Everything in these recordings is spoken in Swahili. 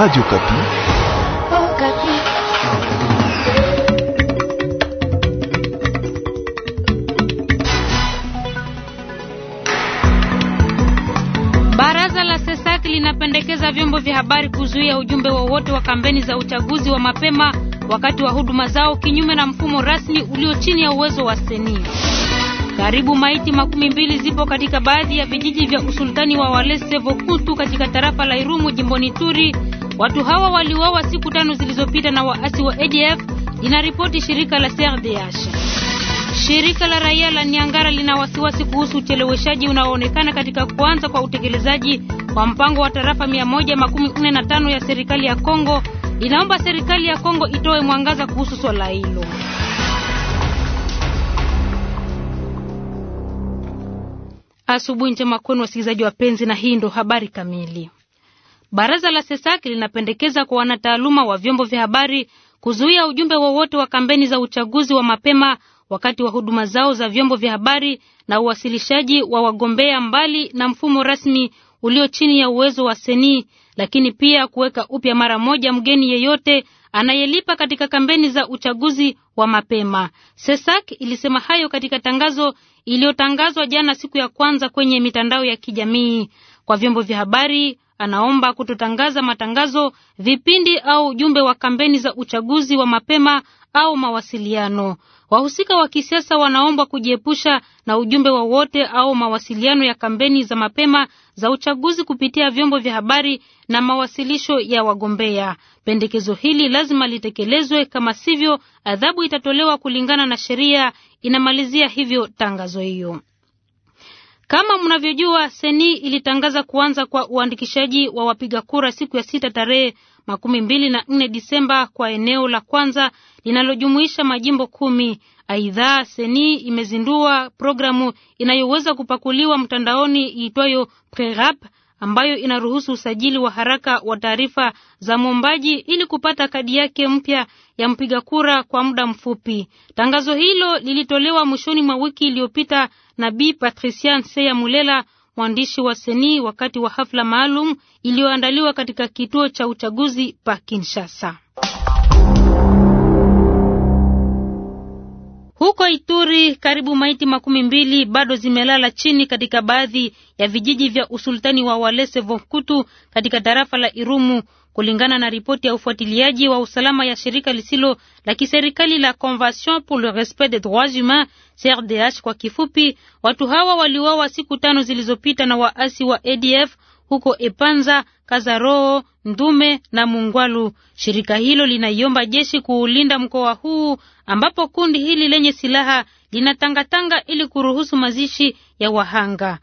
Radio Kapi. Oh, Kapi. Baraza la Sesaki linapendekeza vyombo vya habari kuzuia ujumbe wowote wa, wa kampeni za uchaguzi wa mapema wakati wa huduma zao kinyume na mfumo rasmi ulio chini ya uwezo wa seni. Karibu maiti makumi mbili zipo katika baadhi ya vijiji vya usultani wa Walese Vokutu katika tarafa la Irumu jimboni Turi Watu hawa waliuawa siku tano zilizopita na waasi wa ADF, inaripoti shirika la CRDH. Shirika la raia la Niangara lina wasiwasi kuhusu ucheleweshaji unaoonekana katika kuanza kwa utekelezaji wa mpango wa tarafa 145 ya serikali ya Kongo. Inaomba serikali ya Kongo itoe mwangaza kuhusu swala hilo. Asubuhi njema kwenu wasikilizaji wapenzi, na hii ndo habari kamili. Baraza la Sesaki linapendekeza kwa wanataaluma wa vyombo vya habari kuzuia ujumbe wowote wa kampeni za uchaguzi wa mapema wakati wa huduma zao za vyombo vya habari na uwasilishaji wa wagombea mbali na mfumo rasmi ulio chini ya uwezo wa seni, lakini pia kuweka upya mara moja mgeni yeyote anayelipa katika kampeni za uchaguzi wa mapema. Sesak ilisema hayo katika tangazo iliyotangazwa jana siku ya kwanza kwenye mitandao ya kijamii kwa vyombo vya habari. Anaomba kutotangaza matangazo, vipindi au ujumbe wa kampeni za uchaguzi wa mapema au mawasiliano. Wahusika wa kisiasa wanaomba kujiepusha na ujumbe wowote au mawasiliano ya kampeni za mapema za uchaguzi kupitia vyombo vya habari na mawasilisho ya wagombea. Pendekezo hili lazima litekelezwe, kama sivyo, adhabu itatolewa kulingana na sheria, inamalizia hivyo tangazo hiyo. Kama mnavyojua, Seni ilitangaza kuanza kwa uandikishaji wa wapiga kura siku ya sita tarehe makumi mbili na nne Disemba kwa eneo la kwanza linalojumuisha majimbo kumi. Aidha, Seni imezindua programu inayoweza kupakuliwa mtandaoni iitwayo Prerap ambayo inaruhusu usajili wa haraka wa taarifa za mwombaji ili kupata kadi yake mpya ya mpiga kura kwa muda mfupi. Tangazo hilo lilitolewa mwishoni mwa wiki iliyopita na Bi Patrician Seya Mulela, mwandishi wa Seni, wakati wa hafla maalum iliyoandaliwa katika kituo cha uchaguzi pa Kinshasa. Huko Ituri karibu maiti makumi mbili bado zimelala chini katika baadhi ya vijiji vya usultani wa Walese Vonkutu katika tarafa la Irumu kulingana na ripoti ya ufuatiliaji wa usalama ya shirika lisilo la kiserikali la Convention pour le respect des droits humains CRDH kwa kifupi. Watu hawa waliuawa siku tano zilizopita na waasi wa ADF huko Epanza, Kazaroo, Ndume na Mungwalu. Shirika hilo linaiomba jeshi kuulinda mkoa huu ambapo kundi hili lenye silaha linatangatanga ili kuruhusu mazishi ya wahanga.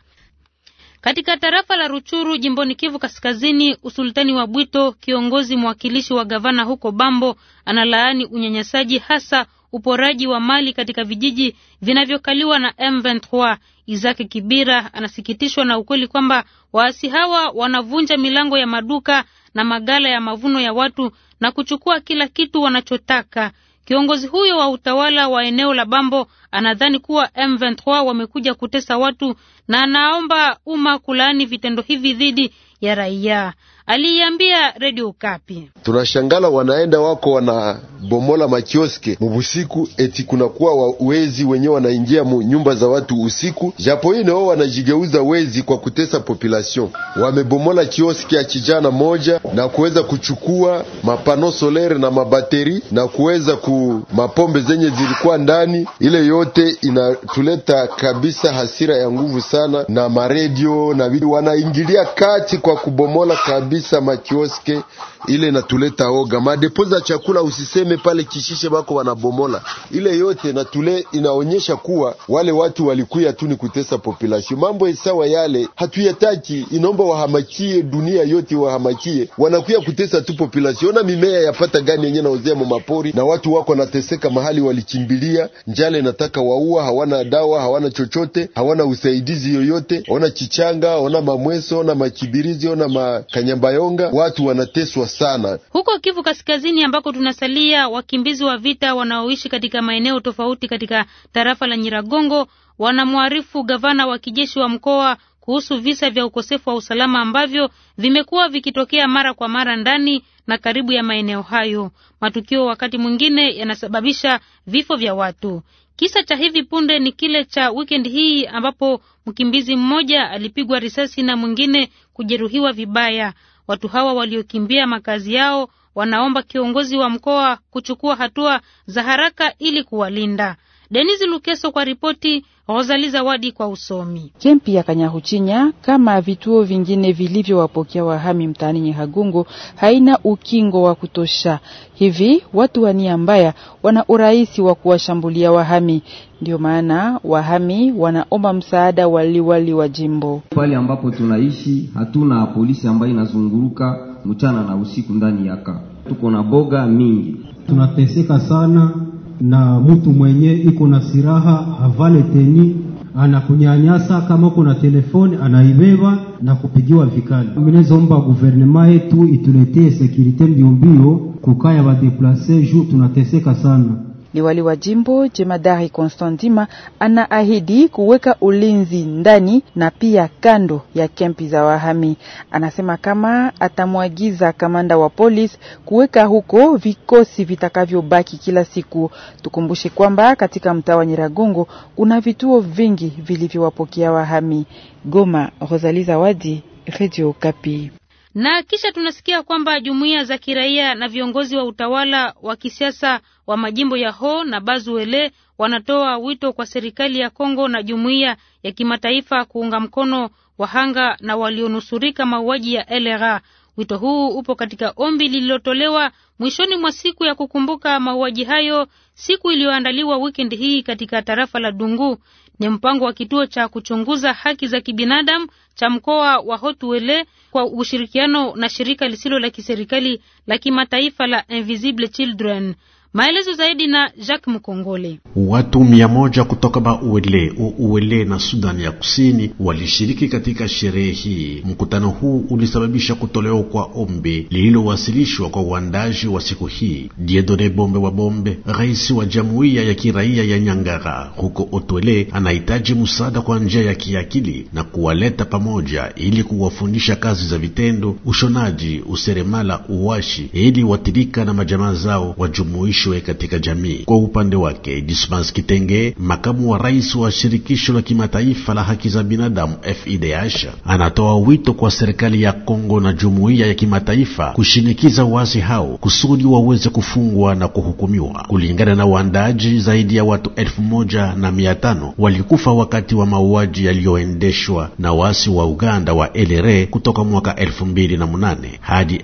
Katika tarafa la Ruchuru jimboni Kivu Kaskazini, usultani wa Bwito, kiongozi mwakilishi wa gavana huko Bambo, analaani unyanyasaji hasa uporaji wa mali katika vijiji vinavyokaliwa na M23. Izaki Kibira anasikitishwa na ukweli kwamba waasi hawa wanavunja milango ya maduka na magala ya mavuno ya watu na kuchukua kila kitu wanachotaka. Kiongozi huyo wa utawala wa eneo la Bambo anadhani kuwa M23 wamekuja kutesa watu na anaomba umma kulaani vitendo hivi dhidi ya raia aliiambia Redio Kapi. Tunashangala wanaenda wako wanabomola makioske mubusiku, eti kunakuwa wezi wenyewe wanaingia mu nyumba za watu usiku, japo hii nao wanajigeuza wezi kwa kutesa population. Wamebomola kioske ya kijana moja na kuweza kuchukua mapano solere na mabateri na kuweza ku mapombe zenye zilikuwa ndani. Ile yote inatuleta kabisa hasira ya nguvu sana, na maredio na wanaingilia kati kwa kubomola kabisa kabisa machozi yake ile natuleta oga. Madepo za chakula usiseme pale kishishe bako wanabomola ile yote, natule inaonyesha kuwa wale watu walikuya tu ni kutesa population. Mambo e sawa yale hatuyataki, inaomba wahamakie, dunia yote wahamakie, wanakuya kutesa tu population. Ona mimea yapata gani yenye naozea mumapori na watu wako wanateseka mahali walichimbilia, njale nataka waua, hawana dawa, hawana chochote, hawana usaidizi yoyote. Ona Chichanga, ona Mamweso, ona makibirizi ona Makanyambayonga, watu wanateswa sana. Huko Kivu Kaskazini ambako tunasalia, wakimbizi wa vita wanaoishi katika maeneo tofauti katika tarafa la Nyiragongo wanamwarifu gavana wa kijeshi wa mkoa kuhusu visa vya ukosefu wa usalama ambavyo vimekuwa vikitokea mara kwa mara ndani na karibu ya maeneo hayo. Matukio wakati mwingine yanasababisha vifo vya watu. Kisa cha hivi punde ni kile cha weekend hii ambapo mkimbizi mmoja alipigwa risasi na mwingine kujeruhiwa vibaya. Watu hawa waliokimbia makazi yao wanaomba kiongozi wa mkoa kuchukua hatua za haraka ili kuwalinda. Denis Lukeso kwa ripoti, Rosali Zawadi kwa usomi. Kempi ya kanyahuchinya kama vituo vingine vilivyowapokea wahami mtaani hagungu haina ukingo wa kutosha, hivi watu wa nia mbaya wana urahisi wa kuwashambulia wahami. Ndio maana wahami wanaomba msaada waliwali wa jimbo pale ambapo tunaishi. Hatuna polisi ambayo inazunguruka mchana na usiku ndani yaka, tuko na boga mingi, tunateseka sana na mtu mwenye iko na siraha havale teni anakunyanyasa kama uko na telefoni anaibeba na kupigiwa vikali. Minezomba guvernema yetu ituletee sekirite mbiombio, kukaya badeplase juu tunateseka sana. Ni wali wa jimbo jemadari Konstantima anaahidi kuweka ulinzi ndani na pia kando ya kempi za wahami. Anasema kama atamwagiza kamanda wa polisi kuweka huko vikosi vitakavyobaki kila siku. Tukumbushe kwamba katika mtaa wa Nyiragongo kuna vituo vingi vilivyowapokea wahami. Goma, Rosalie Zawadi, Radio Kapi. Na kisha tunasikia kwamba jumuiya za kiraia na viongozi wa utawala wa kisiasa wa majimbo ya Ho na Bazuele wanatoa wito kwa serikali ya Kongo na jumuiya ya kimataifa kuunga mkono wahanga na walionusurika mauaji ya LRA. Wito huu upo katika ombi lililotolewa mwishoni mwa siku ya kukumbuka mauaji hayo, siku iliyoandaliwa wikendi hii katika tarafa la Dungu. Ni mpango wa kituo cha kuchunguza haki za kibinadamu cha mkoa wa Hotuele kwa ushirikiano na shirika lisilo la kiserikali la kimataifa la Invisible Children. Maelezo zaidi na Jacques Mkongole. Watu mia moja kutoka Bauele, uwele na Sudani ya Kusini walishiriki katika sherehe hii. Mkutano huu ulisababisha kutolewa kwa ombi lililowasilishwa kwa uandaji wa siku hii. Diedone Bombe wa Bombe, rais wa Jamhuri ya Kiraia ya Nyangara huko Otwele, anahitaji msaada kwa njia ya kiakili na kuwaleta pamoja ili kuwafundisha kazi za vitendo, ushonaji, useremala, uwashi ili watirika na majamaa zao wajumuisha washirikishwe katika jamii. Kwa upande wake, Dismas Kitenge, makamu wa rais wa shirikisho la kimataifa la haki za binadamu FIDH, anatoa wito kwa serikali ya Kongo na jumuiya ya kimataifa kushinikiza waasi hao kusudi waweze kufungwa na kuhukumiwa. Kulingana na waandaaji, zaidi ya watu elfu moja na mia tano walikufa wakati wa mauaji yaliyoendeshwa na waasi wa Uganda wa LRA kutoka mwaka 2008 hadi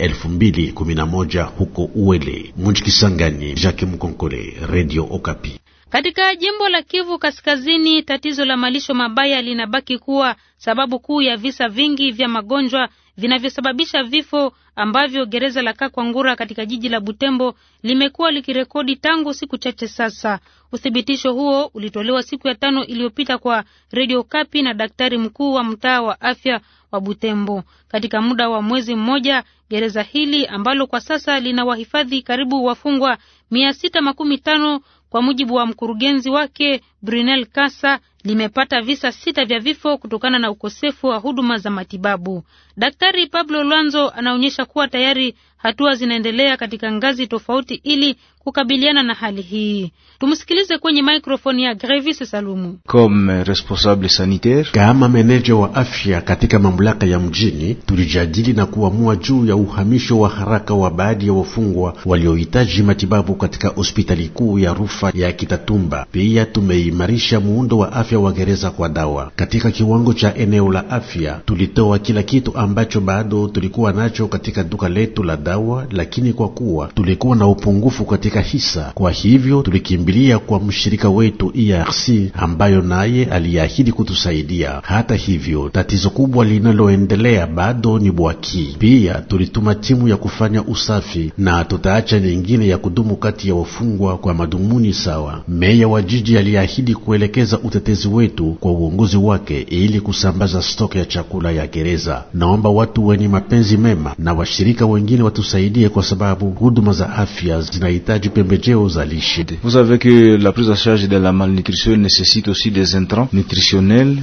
moja huko Uele, mji Kisangani. Jacques Mkonkole, Radio Okapi. Katika jimbo la Kivu Kaskazini, tatizo la malisho mabaya linabaki kuwa sababu kuu ya visa vingi vya magonjwa vinavyosababisha vifo ambavyo gereza la Kakwangura katika jiji la Butembo limekuwa likirekodi tangu siku chache sasa. Uthibitisho huo ulitolewa siku ya tano iliyopita kwa Radio Kapi na daktari mkuu wa mtaa wa afya wa Butembo. Katika muda wa mwezi mmoja, gereza hili ambalo kwa sasa lina wahifadhi karibu wafungwa mia sita makumi tano kwa mujibu wa mkurugenzi wake Brunel Kasa, limepata visa sita vya vifo kutokana na ukosefu wa huduma za matibabu. Daktari Pablo Lwanzo anaonyesha kuwa tayari hatua zinaendelea katika ngazi tofauti ili kukabiliana na hali hii. Tumsikilize kwenye maikrofoni ya Grevis Salumu. Comme responsable sanitaire, kama meneja wa afya katika mamlaka ya mjini, tulijadili na kuamua juu ya uhamisho wa haraka wa baadhi ya wafungwa waliohitaji matibabu katika hospitali kuu ya rufaa ya Kitatumba. Pia tumeimarisha muundo wa afya afya wa gereza kwa dawa. Katika kiwango cha eneo la afya, tulitoa kila kitu ambacho bado tulikuwa nacho katika duka letu la dawa, lakini kwa kuwa tulikuwa na upungufu katika hisa, kwa hivyo tulikimbilia kwa mshirika wetu ERC ambayo naye aliahidi kutusaidia. Hata hivyo, tatizo kubwa linaloendelea bado ni bwaki. Pia tulituma timu ya kufanya usafi na tutaacha nyingine ya kudumu kati ya wafungwa kwa madhumuni sawa. Meya wa jiji aliahidi kuelekeza utetezi viongozi wetu kwa uongozi wake ili kusambaza stok ya chakula ya gereza. Naomba watu wenye mapenzi mema na washirika wengine watusaidie, kwa sababu huduma za afya zinahitaji pembejeo za lishe. Vous savez que la prise en charge de la malnutrition nécessite aussi des intrants nutritionnels.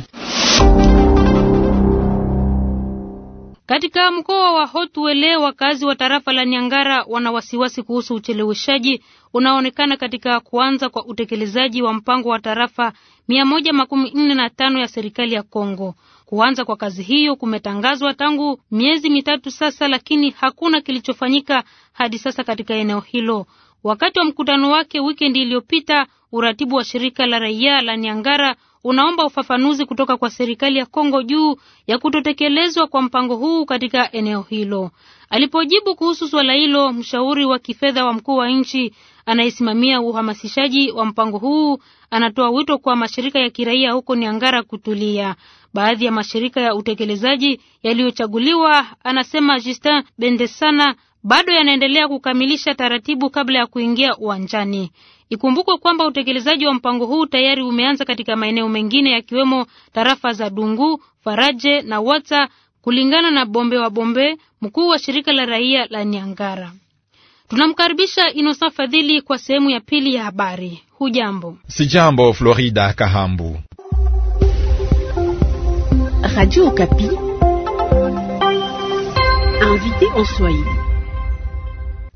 Katika mkoa wa Hotwele wakazi wa tarafa la Nyangara wana wasiwasi kuhusu ucheleweshaji unaoonekana katika kuanza kwa utekelezaji wa mpango wa tarafa mia moja makumi nne na tano ya serikali ya Kongo. Kuanza kwa kazi hiyo kumetangazwa tangu miezi mitatu sasa, lakini hakuna kilichofanyika hadi sasa katika eneo hilo. Wakati wa mkutano wake wikendi iliyopita, uratibu wa shirika la raia la Niangara unaomba ufafanuzi kutoka kwa serikali ya Kongo juu ya kutotekelezwa kwa mpango huu katika eneo hilo. Alipojibu kuhusu swala hilo, mshauri wa kifedha wa mkuu wa nchi anayesimamia uhamasishaji wa mpango huu anatoa wito kwa mashirika ya kiraia huko Niangara kutulia. Baadhi ya mashirika ya utekelezaji yaliyochaguliwa, anasema Justin Bendesana, bado yanaendelea kukamilisha taratibu kabla ya kuingia uwanjani. Ikumbukwe kwamba utekelezaji wa mpango huu tayari umeanza katika maeneo mengine yakiwemo tarafa za Dungu, Faraje na Wata kulingana na Bombe wa Bombe, mkuu wa shirika la raia la Niangara. Tunamkaribisha Inosa Fadhili kwa sehemu ya pili ya habari. Hujambo? jambo Florida Kahambu. Radio Kapi. Invité en Swahili.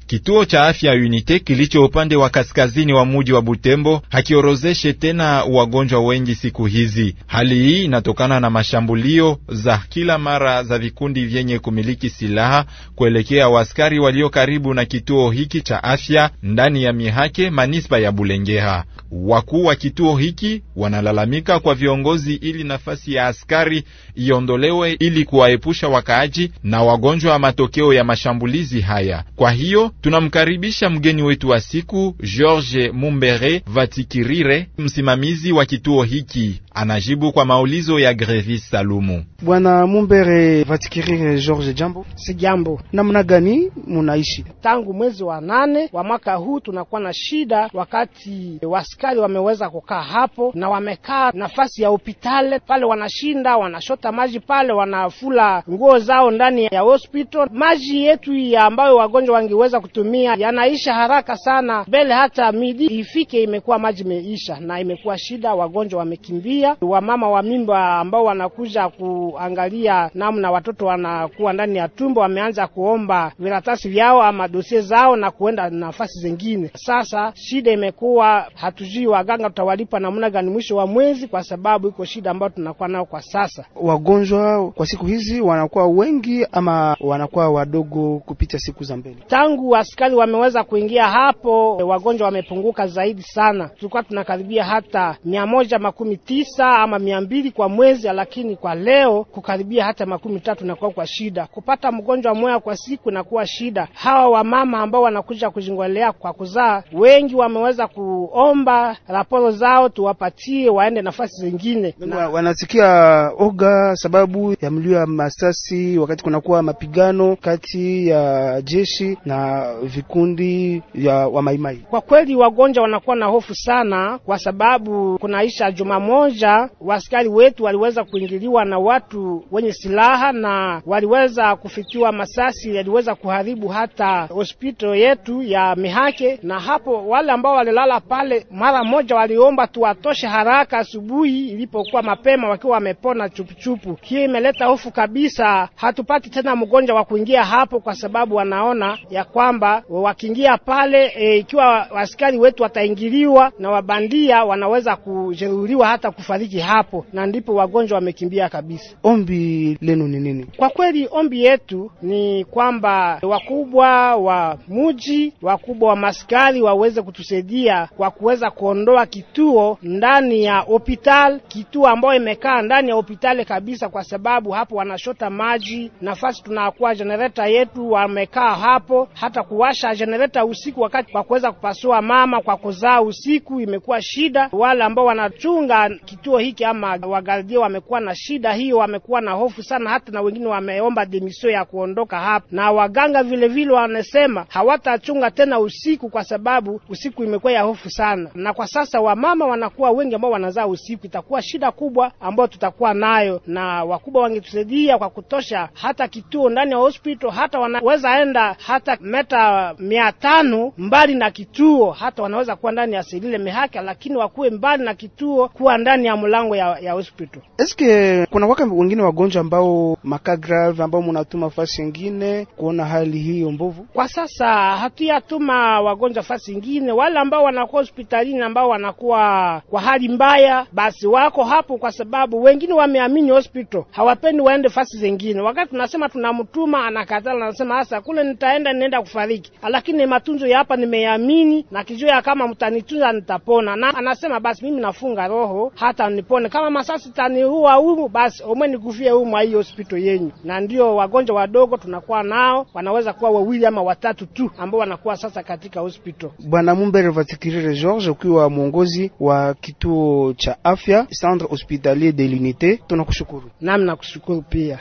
Kituo cha afya Unite kilicho upande wa kaskazini wa muji wa Butembo hakiorozeshe tena wagonjwa wengi siku hizi. Hali hii inatokana na mashambulio za kila mara za vikundi vyenye kumiliki silaha kuelekea waskari walio karibu na kituo hiki cha afya ndani ya Mihake, manispa ya Bulengeha. Wakuu wa kituo hiki wanalalamika kwa viongozi ili nafasi ya askari iondolewe ili kuwaepusha wakaaji na wagonjwa wa matokeo ya mashambulizi haya. Kwa hiyo tunamkaribisha mgeni wetu wa siku George Mumbere Vatikirire, msimamizi wa kituo hiki, anajibu kwa maulizo ya Grevis Salumu. Bwana Mumbere Vatikirire George, jambo. Si jambo. Namna gani munaishi? Tangu mwezi wa nane wa mwaka huu tunakuwa na shida, wakati waskari wameweza kukaa hapo na wamekaa nafasi ya hopitale pale, wanashinda wanashota wanachota maji pale, wanafula nguo zao ndani ya hospital. Maji yetu ya ambayo wagonjwa wangeweza kutumia yanaisha haraka sana, mbele hata midi ifike imekuwa maji imeisha, na imekuwa shida, wagonjwa wamekimbia. Wamama wa mimba ambao wanakuja kuangalia namna watoto wanakuwa ndani ya tumbo wameanza kuomba viratasi vyao ama dosie zao na kuenda nafasi zingine. Sasa shida imekuwa hatujui waganga tutawalipa namna gani mwisho wa mwezi, kwa sababu iko shida ambayo tunakuwa nayo kwa sasa wagonjwa kwa siku hizi wanakuwa wengi ama wanakuwa wadogo kupita siku za mbele? Tangu askari wameweza kuingia hapo, wagonjwa wamepunguka zaidi sana. Tulikuwa tunakaribia hata mia moja makumi tisa ama mia mbili kwa mwezi, lakini kwa leo kukaribia hata makumi tatu nakuwa kwa shida. Kupata mgonjwa mmoja kwa siku nakuwa shida. Hawa wamama ambao wanakuja kujingolea kwa kuzaa, wengi wameweza kuomba raporo zao tuwapatie waende nafasi zingine na... wanasikia oga sababu ya mlio wa masasi wakati kunakuwa mapigano kati ya jeshi na vikundi ya wamaimai. Kwa kweli wagonjwa wanakuwa na hofu sana, kwa sababu kunaisha juma moja waskari wetu waliweza kuingiliwa na watu wenye silaha na waliweza kufikiwa masasi yaliweza kuharibu hata hospitali yetu ya Mihake, na hapo wale ambao walilala pale mara moja waliomba tuwatoshe haraka asubuhi ilipokuwa mapema, wakiwa wamepona chupuchupu tupu. Hii imeleta hofu kabisa, hatupati tena mgonjwa wa kuingia hapo, kwa sababu wanaona ya kwamba wakiingia pale e, ikiwa askari wetu wataingiliwa na wabandia, wanaweza kujeruhiwa hata kufariki hapo, na ndipo wagonjwa wamekimbia kabisa. Ombi lenu ni nini? Kwa kweli ombi yetu ni kwamba wakubwa wa muji, wakubwa wa maskari waweze kutusaidia kwa kuweza kuondoa kituo ndani ya hospital, kituo ambayo imekaa ndani ya hospitali kabisa kabisa, kwa sababu hapo wanashota maji. Nafasi tunakuwa jenereta yetu wamekaa hapo, hata kuwasha jenereta usiku, wakati kwa kuweza kupasua mama kwa kuzaa usiku imekuwa shida. Wale ambao wanachunga kituo hiki ama wagardia wamekuwa na shida hiyo, wamekuwa na hofu sana, hata na wengine wameomba demisio ya kuondoka hapa, na waganga vilevile wanasema hawatachunga tena usiku, kwa sababu usiku imekuwa ya hofu sana, na kwa sasa wamama wanakuwa wengi ambao wanazaa usiku, itakuwa shida kubwa ambayo tutakuwa nayo na wakubwa wangetusaidia kwa kutosha, hata kituo ndani ya hospital, hata wanaweza enda hata meta mia tano mbali na kituo, hata wanaweza kuwa ndani ya selile mehaka, lakini wakuwe mbali na kituo, kuwa ndani ya mlango ya, ya hospital. Eske kuna waka wengine wagonjwa ambao maka grave ambao munatuma fasi ingine kuona hali hiyo mbovu? Kwa sasa hatuyatuma wagonjwa fasi ingine, wale ambao wanakuwa hospitalini ambao wanakuwa kwa hali mbaya, basi wako hapo, kwa sababu wengine wameamini hospital, hawapendi waende fasi zingine. Wakati tunasema tunamtuma, anakatala, anasema hasa kule nitaenda nenda kufariki, lakini matunzo ya hapa nimeamini na kijua kama mtanitunza nitapona, na anasema basi mimi nafunga roho hata nipone, kama masasi taniua humu basi omwe nikufie humu hii hospital yenyu. Na ndio wagonjwa wadogo tunakuwa nao, wanaweza kuwa wawili ama watatu tu ambao wanakuwa sasa katika hospital. Bwana Mumbere Vatikirire George, ukiwa mwongozi wa kituo cha afya Centre Hospitalier de l'Unite, tunakushukuru kushukuru. Nami nakushukuru pia.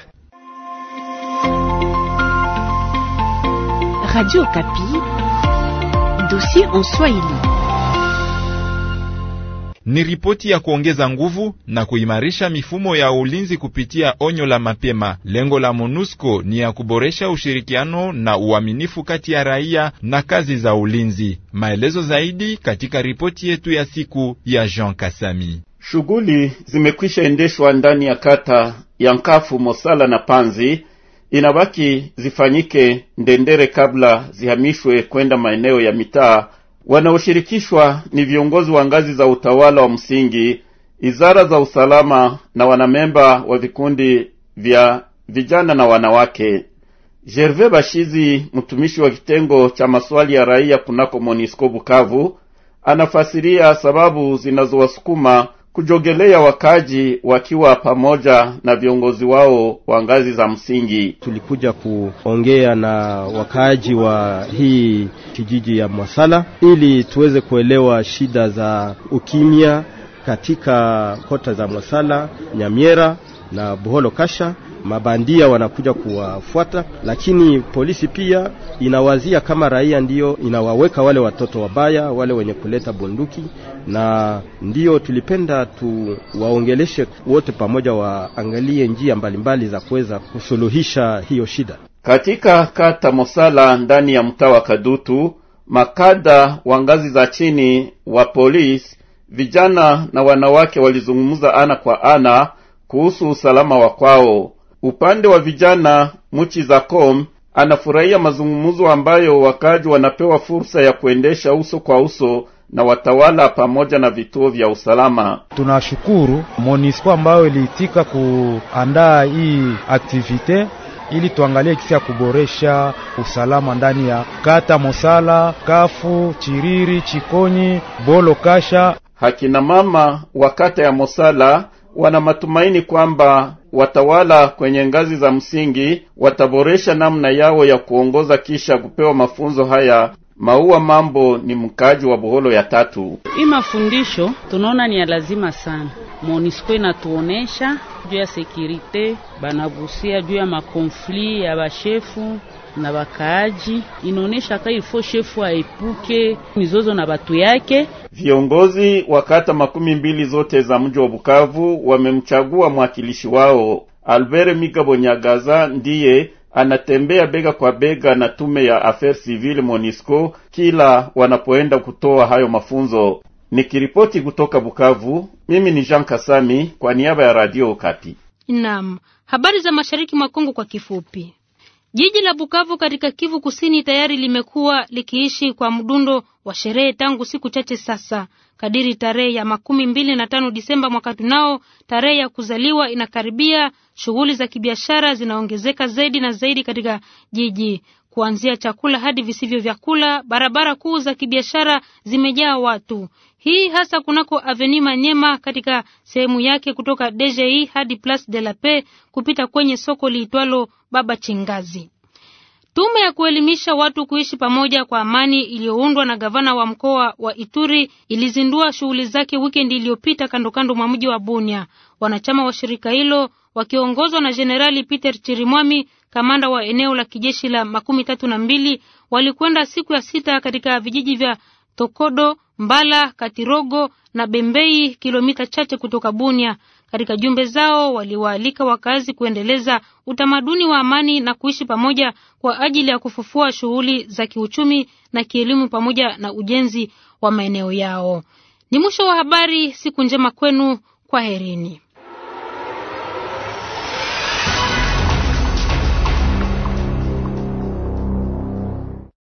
Radio Okapi, dossier en Swahili. Ni ripoti ya kuongeza nguvu na kuimarisha mifumo ya ulinzi kupitia onyo la mapema. Lengo la MONUSCO ni ya kuboresha ushirikiano na uaminifu kati ya raia na kazi za ulinzi. Maelezo zaidi katika ripoti yetu ya siku ya Jean Kasami. Shughuli zimekwisha endeshwa ndani ya kata ya Nkafu, Mosala na Panzi. Inabaki zifanyike Ndendere kabla zihamishwe kwenda maeneo ya mitaa. Wanaoshirikishwa ni viongozi wa ngazi za utawala wa msingi, izara za usalama na wanamemba wa vikundi vya vijana na wanawake. Gervais Bashizi, mtumishi wa kitengo cha maswali ya raia kunako Monisco Bukavu, anafasiria sababu zinazowasukuma kujogelea wakaji wakiwa pamoja na viongozi wao wa ngazi za msingi. Tulikuja kuongea na wakaaji wa hii kijiji ya Mwasala ili tuweze kuelewa shida za ukimya katika kota za Mwasala, Nyamiera na Buholo Kasha mabandia wanakuja kuwafuata, lakini polisi pia inawazia kama raia ndiyo inawaweka wale watoto wabaya, wale wenye kuleta bunduki, na ndiyo tulipenda tuwaongeleshe wote pamoja, waangalie njia mbalimbali za kuweza kusuluhisha hiyo shida. Katika kata Mosala ndani ya mtaa wa Kadutu, makada wa ngazi za chini wa polisi, vijana na wanawake walizungumza ana kwa ana kuhusu usalama wa kwao. Upande wa vijana Muchi Zakom anafurahia mazungumzo ambayo wakaji wanapewa fursa ya kuendesha uso kwa uso na watawala pamoja na vituo vya usalama. Tunashukuru MONUSCO ambayo iliitika kuandaa hii aktivite ili tuangalie kisi ya kuboresha usalama ndani ya kata Mosala, Kafu, Chiriri, Chikonyi, Bolo, Kasha. Hakina mama wa kata ya Mosala wana matumaini kwamba watawala kwenye ngazi za msingi wataboresha namna yao ya kuongoza kisha kupewa mafunzo haya Maua Mambo ni mkaaji wa buholo ya tatu. Hii mafundisho tunaona ni ya lazima sana, Monisco inatuonesha juu ya sekirite, banagusia juu ya makonfli ya bashefu na bakaaji, inaonesha ka ilifo shefu aepuke mizozo na batu yake. Viongozi wa kata makumi mbili zote za mji wa Bukavu wamemchagua mwakilishi wao Albert Migabo Nyagaza ndiye anatembea bega kwa bega na tume ya affaires civile Monisco kila wanapoenda kutoa hayo mafunzo. Nikiripoti kutoka Bukavu, mimi ni Jean Kasami kwa niaba ya Radio Okapi. Naam, habari za mashariki mwa Kongo kwa kifupi. Jiji la Bukavu katika Kivu Kusini tayari limekuwa likiishi kwa mdundo wa sherehe tangu siku chache sasa. Kadiri tarehe ya makumi mbili na tano Disemba mwaka tunao, tarehe ya kuzaliwa inakaribia, shughuli za kibiashara zinaongezeka zaidi na zaidi katika jiji kuanzia chakula hadi visivyo vyakula. Barabara kuu za kibiashara zimejaa watu, hii hasa kunako Avenue Manyema katika sehemu yake kutoka DGI hadi Place de la Paix kupita kwenye soko liitwalo Baba Chingazi. Tume ya kuelimisha watu kuishi pamoja kwa amani iliyoundwa na gavana wa mkoa wa Ituri ilizindua shughuli zake wikendi iliyopita kandokando mwa mji wa Bunia. Wanachama wa shirika hilo wakiongozwa na Jenerali Peter Chirimwami, kamanda wa eneo la kijeshi la makumi tatu na mbili, walikwenda siku ya sita katika vijiji vya Tokodo, Mbala, Katirogo na Bembei, kilomita chache kutoka Bunia. Katika jumbe zao waliwaalika wakazi kuendeleza utamaduni wa amani na kuishi pamoja kwa ajili ya kufufua shughuli za kiuchumi na kielimu pamoja na ujenzi wa maeneo yao. Ni mwisho wa habari. Siku njema kwenu, kwaherini.